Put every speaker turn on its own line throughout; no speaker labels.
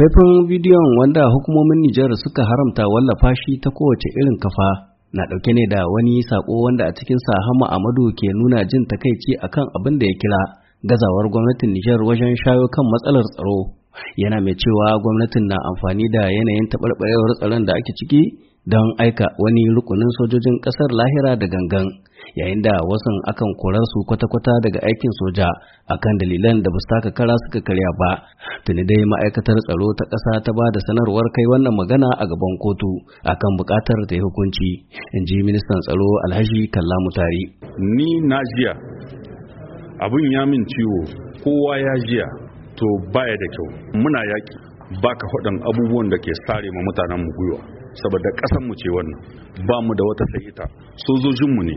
Faifan bidiyon wanda hukumomin Nijar suka haramta wallafa shi ta kowace irin kafa na ɗauke ne da wani sako wanda a cikin Hama Amadu ke nuna jin takaici akan abin da ya kira gazawar gwamnatin Nijar wajen shayo kan matsalar tsaro. Yana mai cewa gwamnatin na amfani da yanayin taɓarɓarewar tsaron da ake ciki don aika wani rukunin sojojin ƙasar lahira da gangan yayin da wasan akan korar su kwata-kwata daga aikin soja akan dalilan da ba su taka kara suka karya ba tuni dai ma'aikatar tsaro ta ƙasa ta ba da sanarwar kai wannan magana a gaban kotu akan buƙatar ta yi hukunci in ji ministan tsaro alhaji kalla mutari
ni na jiya abin ya min ciwo kowa ya jiya to baya da kyau muna yaƙi baka hudan abubuwan da ke sare ma mutanen mu gwiwa saboda ƙasar mu ce wannan ba mu da wata sahita sojojinmu mu ne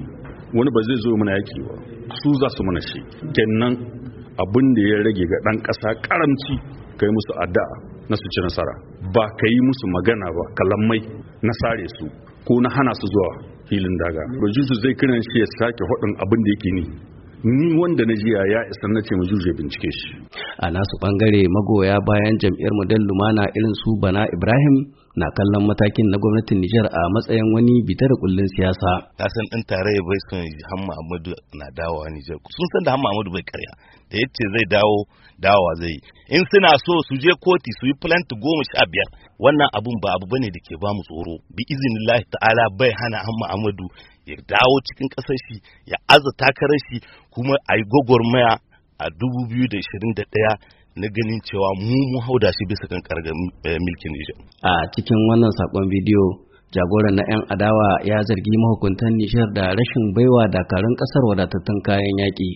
wani ba zai zo mana yaki ba su za su mana shi kenan abin da ya rage ga ɗan kasa karamci kai musu addu'a na su ci nasara ba ka yi musu magana ba kalammai na sare su ko na hana su zuwa filin daga rojisu zai kiran shi ya sake hudun abin da yake ni ni wanda na jiya ya isa na ce
majuje bincike shi a nasu bangare magoya bayan jam'iyyar model lumana irin su bana ibrahim na kallon matakin na gwamnatin Nijar a matsayin wani bitar da kullun siyasa.
Ka san ɗan tarayya bai son Hamma Ahmadu na dawowa Nijar. Sun san da Hamma Ahmadu bai karya. Da ce zai dawo dawa zai. In suna so su je koti su yi plant goma sha biyar. Wannan abun ba abu bane da ke ba mu tsoro. Bi izinillahi ta'ala bai hana Hamma Ahmadu ya dawo cikin ƙasar shi ya aza takarar shi kuma a yi gwagwarmaya a dubu biyu da da ɗaya. na ganin cewa mu mu hauda shi bisa kan kargar eh, milkin Nijar.
A cikin wannan sakon bidiyo jagoran na 'yan adawa ya zargi mahukuntan Nijar da rashin baiwa dakarun kasar wadatattun kayan yaƙi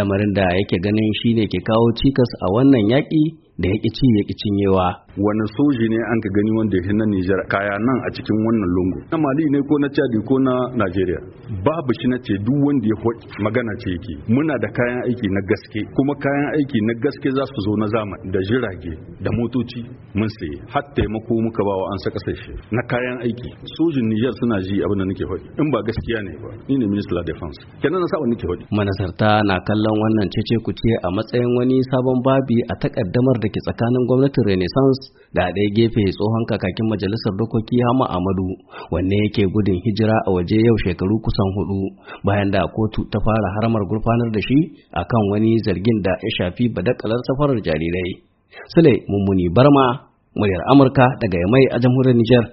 lamarin da yake ganin shine ke kawo cikas a wannan yaƙi da yaƙi ci yaƙi cinyewa.
wani soji ne an ka gani wanda ya na Nijar kaya nan a cikin wannan lungu na Mali ne ko na Chadi ko na Najeriya babu shi na ce duk wanda ya hoki magana ce yake muna da kayan aiki na gaske kuma kayan aiki na gaske za su zo na zama da jirage da motoci mun saye har taimako muka ba wa an sa kasashe na kayan aiki sojin Nijar suna ji abin da nake faɗi, in ba gaskiya ne ba ni ne minister of defense kenan na sawa nake faɗi?
manasarta na kallon wannan cece kuce a matsayin wani sabon babi a takaddamar da ke tsakanin gwamnatin Renaissance da ɗaya gefe tsohon kakakin majalisar dokoki hama amadu wanne yake gudun hijira a waje yau shekaru kusan hudu bayan da kotu ta fara haramar gurfanar da shi a kan wani zargin da ya shafi badakalar safarar jarirai sule mummuni barma muryar amurka daga yamai a jamhuriyar Nijar.